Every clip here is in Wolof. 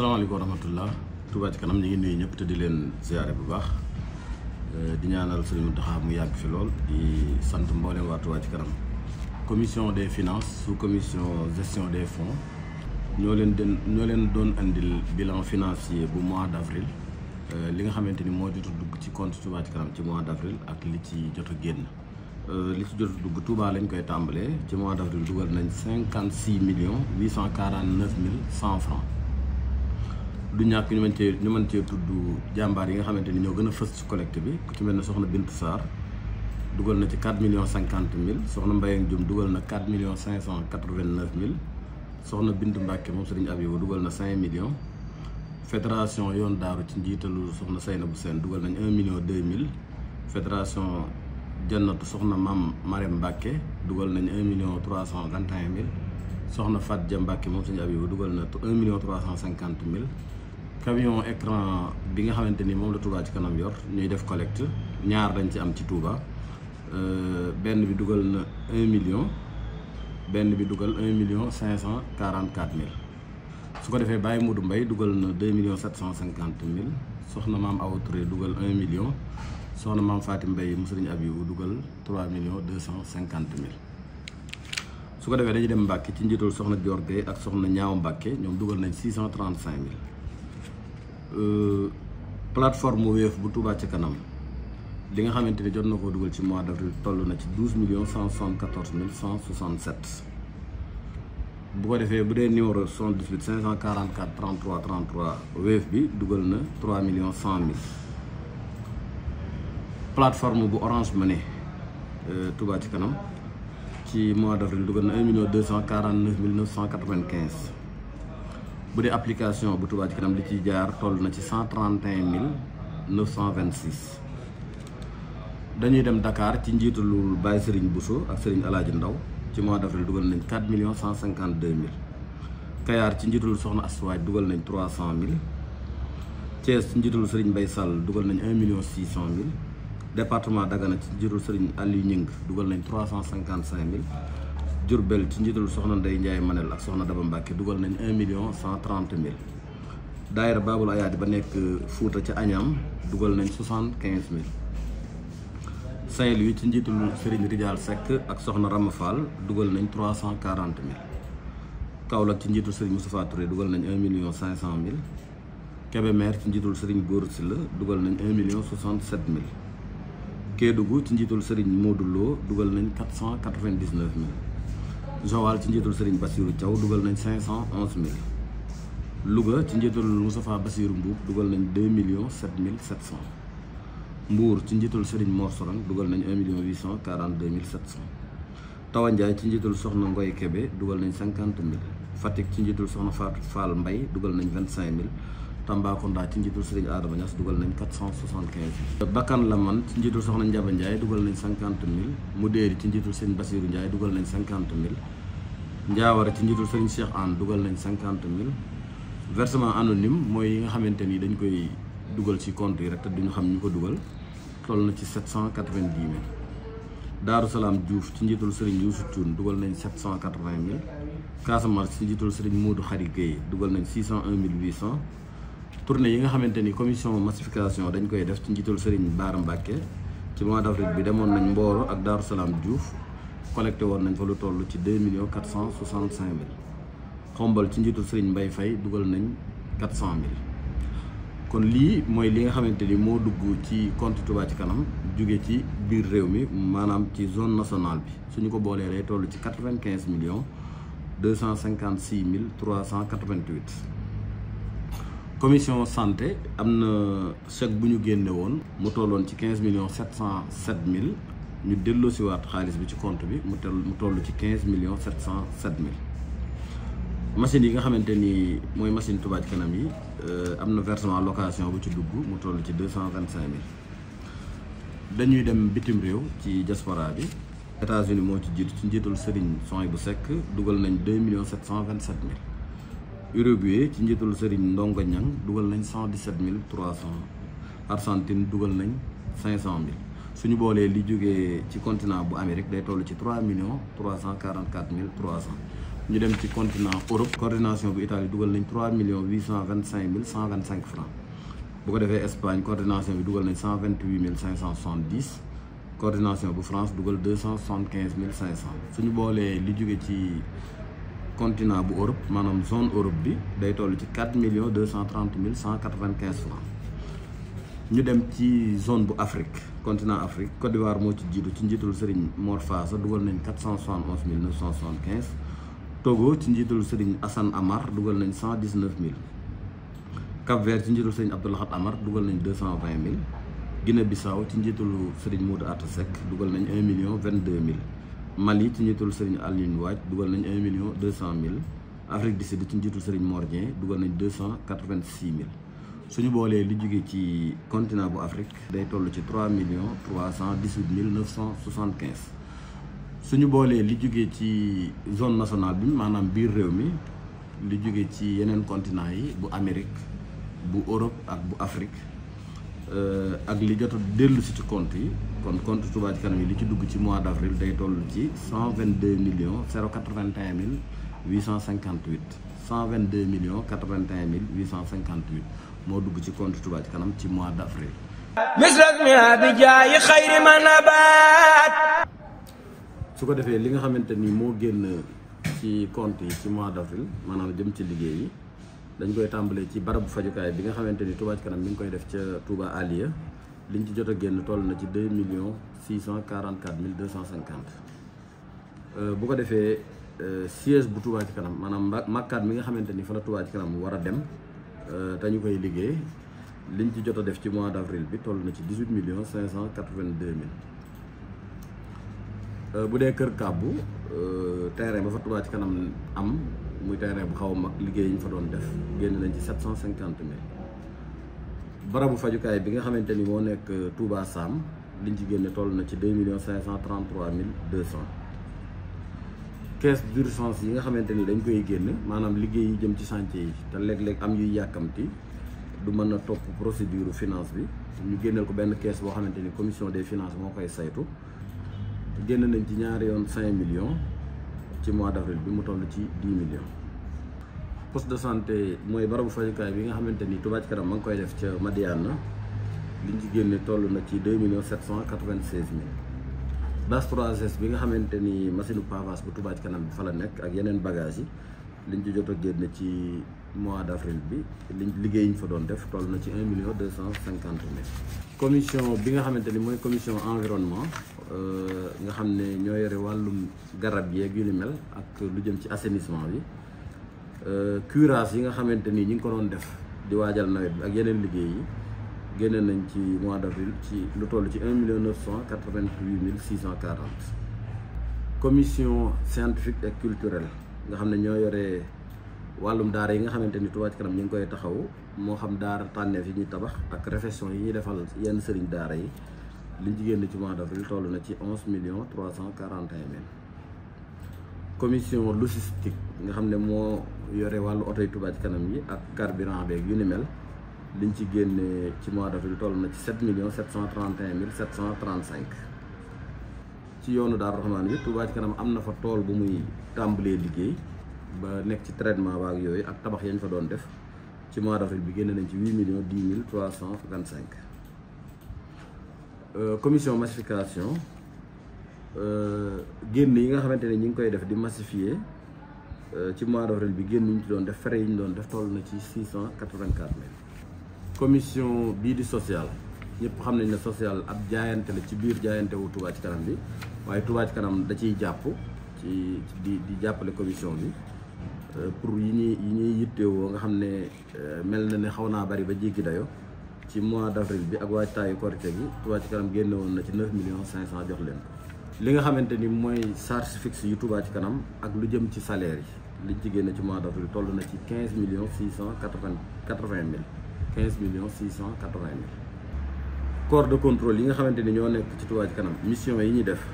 asalaamaaleykum wa rahmatullah Touba ci kanam ñu ngi nuyu ñëpp te di leen ziare bu baax euh, di ñaanal sëriñ Mountakha mu yàgg fi lool di sant mboolem waa Touba ci kanam commission des finances sous commission gestion des fonds ñoo leen den ñoo leen doon indil bilan financier bu mois d' avril euh, li nga xamante ni moo jot a dugg ci compte Touba ci kanam ci mois d' avril ak li ci jot a génn euh, li ci jot a dugg Touba lañ koy tàmbalee ci mois d' avril dugal nañ cinquante six millions huit cent quarante neuf mille cent francs du ñàkk ñu mën cee ñu mën cee tudd jàmbaar yi nga xamante ni ñoo gën a fës ci collecte bi ku ci mel ne soxna bint Sarr dugal na ci 4 million cinquante mille soxna Mbayang Diom dugal na 4 millions cinq cent quatre vingt mille soxna Bintu Mbàkke moom Sëriñ Abibu dugal na 5 millions fédération yoon daaru ci njiitalu soxna bu Seen dugal nañ 1 million 2 mille fédération jannatu soxna Maam Marème Mbàkke dugal nañ 1 million trois cent vingt et un mille soxna Fat Ja Mbàkke moom Sëriñ Abibu dugal na 1 million trois cent cinquante mille camion écran bi nga xamante ni moom la Touba ci kanam yor ñuy def collecte ñaar dañ ci am ci Touba euh, benn bi dugal na un million benn bi dugal un million cinq cent quarante quatre mille su ko defee Baye Modou Mbaye dugal na deux millions sept cent cinquante mille soxna maam Awa Touré dugal un million soxna maam Fatim Mbaye mu sëriñ Abibu dugal trois millions deux cent cinquante mille su ko defee dañuy dem Mbàkke ci njiitul soxna Dior Gueye ak soxna Ñaaw Mbàkke ñoom dugal nañ six cent trente cinq mille Euh, plateforme Wave bu tubaat ci kanam li nga xamante ni jot na koo dugal ci mois d'avril toll na ci douze millions cent soixante-quatorze mille cent soixante-sept bu ko defee bu dee numéro soixante-dix-huit cinq cent quarante-quatre trente-trois trente-trois Wave bi dugal na trois millions cent mille plateforme bu Orange Money euh, Touba ci kanam ci mois d'avril dugal na un million mille neuf cent bu dee application bu Touba ci kanam li ciy jaar toll na ci cent trente mille neuf cent vingt six dañuy dem Dakar ci njiitalul Baye Serigne Bousso ak Serigne Alaaji Ndaw ci mois d'avril dugal nañ quatre million cent cinquante deux mille Kayaar ci Soxna Aswaaj dugal nañ trois cent mille Thiès ci njiitalul Serigne bay Sall dugal nañ un million six cent mille département Dagana ci njiitalul Serigne Aliou Ñing dugal nañ trois cinquante cinq mille Diourbel ci njiitul soxna Ndeye Ndiaye Manel ak soxna Daba Mbacke dugal nañ million cent trente mille daayira Baabul Ayaadi ba nekk Fuuta ca añam dugal nañ soixante quinze mille Saint-Louis ci njiitul Serigne Ridial Seck ak soxna Rama Fall dugal nañ trois cent quarante mille Kaolack ci njiitul Serigne Moustapha Touré dugal nañ un million cinq cent mille Kébémer ci njiitul Serigne Góor Sylla dugal nañ un million soixante sept mille Kédougou ci njiitul Serigne Modou Lo dugal nañ quatre cent quatre vingt Joal ci njiitul Serigne Bassirou Thiaw dugal nañ cinq cent onze mille Louga ci njiitul Moustapha Bassirou Mbuub dugal nañ deux millions sept mille sept cent Mbour ci njiitul Serigne Mor Sorang dugal nañ un million cent quarante deux mille sept cent Tawa ci njiitul Soxna Ngoy kebe dugal nañ cinquante mille Fatick ci njiitul Soxna Fatou Fall Mbaye dugal nañ vingt cinq mille Tambacounda ci njiitul Serigne Adama Niass dugal nañ quatre cent soixante quinze Bakkan la man ci njiitul Soxna Njaba Ndiaye dugal nañ cinquante mille Mudéeri ci njiitul Serigne Bassirou Ndiaye dugal nañ cinquante mille Ndiawara ci njiitul Serigne Cheikh Anne dugal nañ cinquante mille versement anonyme mooy yi nga xamante ni dañ koy dugal ci compte yi rek te duñu xam ñu ko dugal toll na ci sept cent quatre vingt dix mille Daaru Salaam Diouf ci njiitul Serigne Youssou Thioune dugal nañ sept cent quatre vingt mille Casamance ci njiitul Serigne Modou Khary Guèye dugal nañ six cent un mille huit cent tournée yi nga xamante ni commission massification dañ koy def ci njiitul Serigne Bara Mbacké ci mois d'avril bi demoon nañ Mboro ak Daaru Salaam Diouf collecté woon nañ fa lu toll ci deux millions quatre cent soixante cinq mille xombal ci njiitul Serigne Mbaye Faye dugal nañ quatre cent mille kon lii mooy li nga xamante ni moo dugg ci compte Touba ci kanam jóge ci biir réew mi maanaam ci zone nationale bi suñu ko boolee day tollu ci quatre vingt quinze millions deux cent mille trois cent quatre commission santé am na sec bu ñu génne woon mu tolloon ci quinze millions sept cent sept mille ñu delloosiwaat xaalis bi ci compte bi mu toll mu toll ci quinze millions sept cent sept mille machines yi nga xamante ni mooy machine Touba Kanam yi euh, am na versement location bu ci dugg mu toll ci deux cent vingt cinq dañuy dem bitim réew ci diaspora bi États-Unis moo ci jiitu ci njiitul Serigne Sohaibou Seck dugal nañ deux millions sept cent vingt sept mille Uruguay ci njiitul Serigne Ndongo ñan dugal nañ cent dix sept mille trois cent Argentine dugal nañ cinq cent mille suñu boolee li jógee ci continent bu Amérique day toll ci trois millions trois cent quarante quatre mille trois cent ñu dem ci continent Europe coordination bu Italie dugal nañ trois millions huit cent vingt cinq mille cent vingt cinq francs bu ko defee Espagne coordination bi dugal nañ cent vingt huit mille cinq cent soixante dix coordination bu France dugal deux cent soixante quinze mille cinq cent suñu boolee li jóge ci continent bu Europe maanaam zone Europe bi day toll ci quatre millions deux cent trente mille cent quatre vingt quinze francs ñu dem ci zone bu Afrique continent Afrique Côte d'Ivoire moo ci jiitu ci njiitul Serigne Mor Fassa dugal nañ quatre cent soixante onze mille neuf cent soixante quinze Togo ci njiitul Serigne Assane Amar dugal nañ cent dix neuf mille Cap Vert ci njiitul Serigne Abdoulahat Amar dugal nañ deux cent vingt mille Guinée Bissau ci njiitul Serigne Modou Atta Seck dugal nañ un vingt deux mille. Mali ci njiitul Serigne Alioune Wade dugal nañ 1 million 200 mille Afrique du Sud ci njiitul Serigne Mor Dieng dugal nañ 286 mille suñu boolee li jóge ci continent bu Afrique day toll ci 3 millions 318 mille 975 suñu boolee li jóge ci zone nationale bi maanaam biir réew mi li jóge ci yeneen continent yi bu Amérique bu Europe ak bu Afrique. Euh, ak li jot dellu si ci compte yi kon compte Touba Ca Kanam yi li ci dugg ci mois d' avril day toll ci cent vingt deux millions zéro quatre vingt et un mille huit cent cinquante huit cent vingt deux millions quatre vingt et un mille cinquante huit moo dugg ci compte Touba Kanam ci mois d' avril. su ko defee li nga xamante ni moo génn ci compte yi ci mois d' avril maanaam jëm ci liggéey yi. dañ koy tàmbalee ci barabu fajukaay bi nga xamante ni Touba Ca Kanam mi ngi koy def ca Touba Aliya liñ ci jot a génn toll na ci deux millions six cent quarante quatre mille deux cent cinquante euh, bu ko defee euh, siège bu Touba Ca Kanam maanaam màkkaat mi nga xamante ni fa la Touba Ca Kanam war a dem euh, te ñu koy liggéey liñ ci jot a def ci mois d' avril bi toll na ci dix huit millions cinq cent quatre vingt deux mille bu dee kër kàbbu terrain ba fa Touba Ca Kanam am muy terrain bu xaw a mag liggéey yi ñu fa doon def génn nañ ci sept cent cinquante mille barabu fajukaay bi nga xamante ni moo nekk Touba Sam liñ ci génne toll na ci deux millions cinq cent trente mille deux cent caisse d'urgence yi nga xamante ni dañ koy génn maanaam liggéey yi jëm ci chantier yi te léeg-léeg am yuy yàkkamti du mën a topp procédure finance bi ñu génneel ko benn caisse boo xamante ni commission des finance moo koy saytu génn nañ ci ñaari yoon cinq million ci mois d' avril bi mu toll ci 10 millions. poste de santé mooy barabu fajukaay bi nga xamante ni Touba Ca Kanam ma ngi koy def ca Madiana liñ ci génne toll na ci 2 millions 796 mille. base 3S bi nga xamante ni machine pavage bu tubaaj Ca Kanam bi fa la nekk ak yeneen bagage yi liñ ci jot a génne ci. mois d' avril bi liñ liggéey ñu fa doon def toll na ci un million deux cent cinquante mille commission bi nga xamante ni mooy commission environnement euh, nga xam ne ñoo yore wàllum garab yeeg yu ak lu jëm ci assainissement bi euh, curage yi nga xamante ni ñi ngi ko doon def di waajal nawet bi ak yeneen liggéey yi génne nañ ci mois d' avril ci lu toll ci un million neuf cent quatre vingt huit mille six cent quarante commission scientifique et culturelle nga xam ne ñoo yore wàllum daara yi nga xamante ni Touba Ca Kanam ñu ngi koy taxaw moo xam daara tànneef yi ñuy tabax ak réfection yi ñuy defal yenn sëriñ daara yi liñ ci génn ci mois d'avril toll na ci onze millions trois cent quarante et un mille commission logistique nga xam ne moo yore wàllu oto yi Touba Kanam yi ak carburant beeg yu ni mel liñ ci génne ci mois d'avril toll na ci sept millions sept cent trente et un mille sept cent trente cinq ci yoonu Daaru Rahmaan bi Touba Kanam am na fa tool bu muy tàmbalee liggéey ba nekk ci traitement baak yooyu ak tabax yañ fa doon def ci mois d'avril bi génn nañ ci huit millions dix mille trois vingt cinq euh, commission massification euh, génn yi nga xamante ne ñu ngi koy def di massifier euh, ci mois d'avril bi génn ñu ci doon def frais yi ñu doon def toll na ci six cent quatre vingt quatre mille commission bii di sociale ñëpp xam nañ ne sociale ak jaayante la ci biir jaayante wu Touba ci kanam bi waaye Touba kanam da ciy jàpp ci di di jàppale commission bi pour yi ñuy yi ñuy yittewoo nga xam ne euh, mel na ne xaw naa bari ba jéggi dayoo ci mois d'avril bi ak waajtaayu korite gi Touba ci kanam génne woon na ci 9 cinq 500 jox leen ko li nga xamante ni mooy charge fixe yu Touba ci kanam ak lu jëm ci salaire yi ñu ci génne ci mois d'avril toll na ci 15 millions 680 80 mille 15 millions 680 mille corps de contrôle yi nga xamante ni ñoo nekk ci Touba ci kanam mission yi ñuy def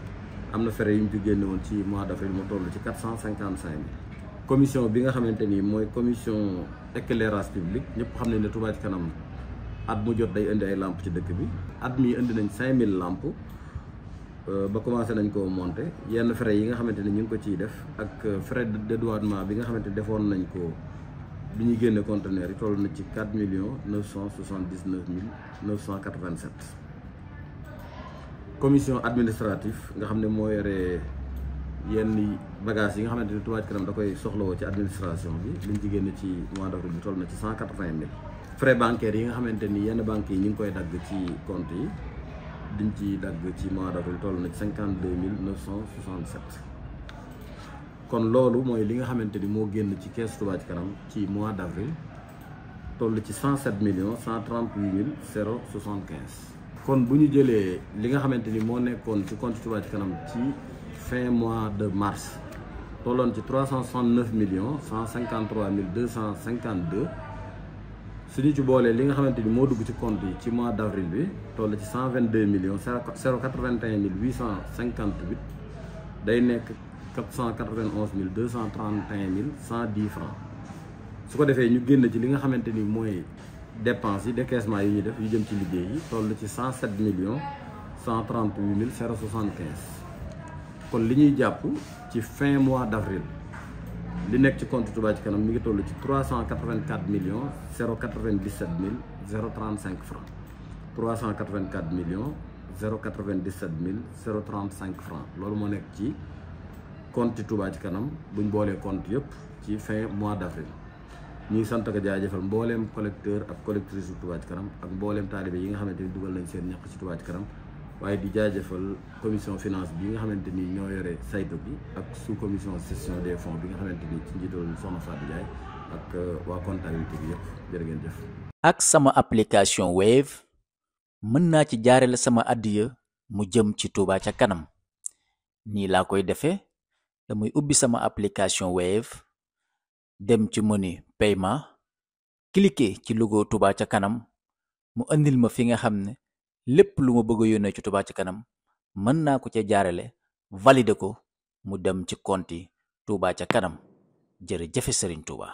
am na frais yu ñu ci génne woon ci mois d'avril toll ci 455 mille commission bi nga xamante ni mooy commission éclairage public ñëpp xam ne ne Touba ci kanam at mu jot day indi ay làmp ci dëkk bi at mi indi nañ 5000 lamp euh, ba commencé nañ ko monter yenn frais yi nga xamante ni ñu ngi ko ciy def ak euh, frais de dédouanement bi nga xamante ni defoon nañ ko bi ñu génne conteneur yi toll na ci 4 millions 979 mille 987 commission administrative nga xam ne moo yore yenn bagages yi nga xamante ni Touba Ca Kanam da koy soxlawoo ci administration bi liñ ci génn ci mois d'avril bi toll na ci cent quatre yi nga xamante ni yenn banques yi ñu ngi koy dagg ci yi diñ ci dagg ci mois d'avril toll na ci cinquante deux mille neuf cent soixante kon loolu mooy li nga xamante ni moo génn ci kees Touba Ca Kanam ci mois d'avril toll ci cent sept millions cent trente-huit mille zéro soixante kon bu ñu jëlee li nga xamante ni moo nekkoon ci compte Touba Kanam ci fin mois de mars tolloon ci 369 millions 153 mille 252 su ñu ci boolee li nga xamante ni moo dugg ci compte yi ci mois d' avril bi toll ci 122 millions 081 mille 858 day nekk 491 mille 231 mille 110 francs su ko defee ñu génn ci li nga xamante ni mooy dépenses yi décaissement yi ñuy def yu jëm ci liggéey yi toll ci million millions 138 mille 075 kon li ñuy jàpp ci fin mois d' avril li nekk ci compte Touba ci kanam mi ngi toll ci trois cent quatre vingt quatre millions zéro quatre vingt dix sept mille zéro trente cinq francs trois cent quatre vingt quatre millions zéro quatre vingt dix sept mille zéro trente cinq francs loolu moo nekk ci compte Touba ci kanam buñ boolee compte yëpp ci fin mois d' avril ñuy sant ak jaajëfal mbooleem collecteur ak collectrice yu Touba ci kanam ak mbooleem taalibe yi nga xamante ni dugal nañ seen ñaq ci Touba ci kanam waaye di jaajëfal commission finance bi nga xamante ni ñoo yore saytu bi ak sous commission gestion des fonds bi nga xamante ni ci njiital Soxna Fatou Ndiaye ak euh, waa comptabilité bi yëpp ngeen jëf. ak sama application Wave mën naa ci jaarale sama addiya mu jëm ci Touba ca kanam nii laa koy defee damay ubbi sama application Wave dem ci menu paiement cliquer ci logo Touba ca kanam mu indil ma fi nga xam ne. lépp lu ma bëgg a yónnee ci Touba ci kanam mën naa ko ca jaarale valider ko mu dem ci compte Touba ca kanam jërëjëf Serigne Touba.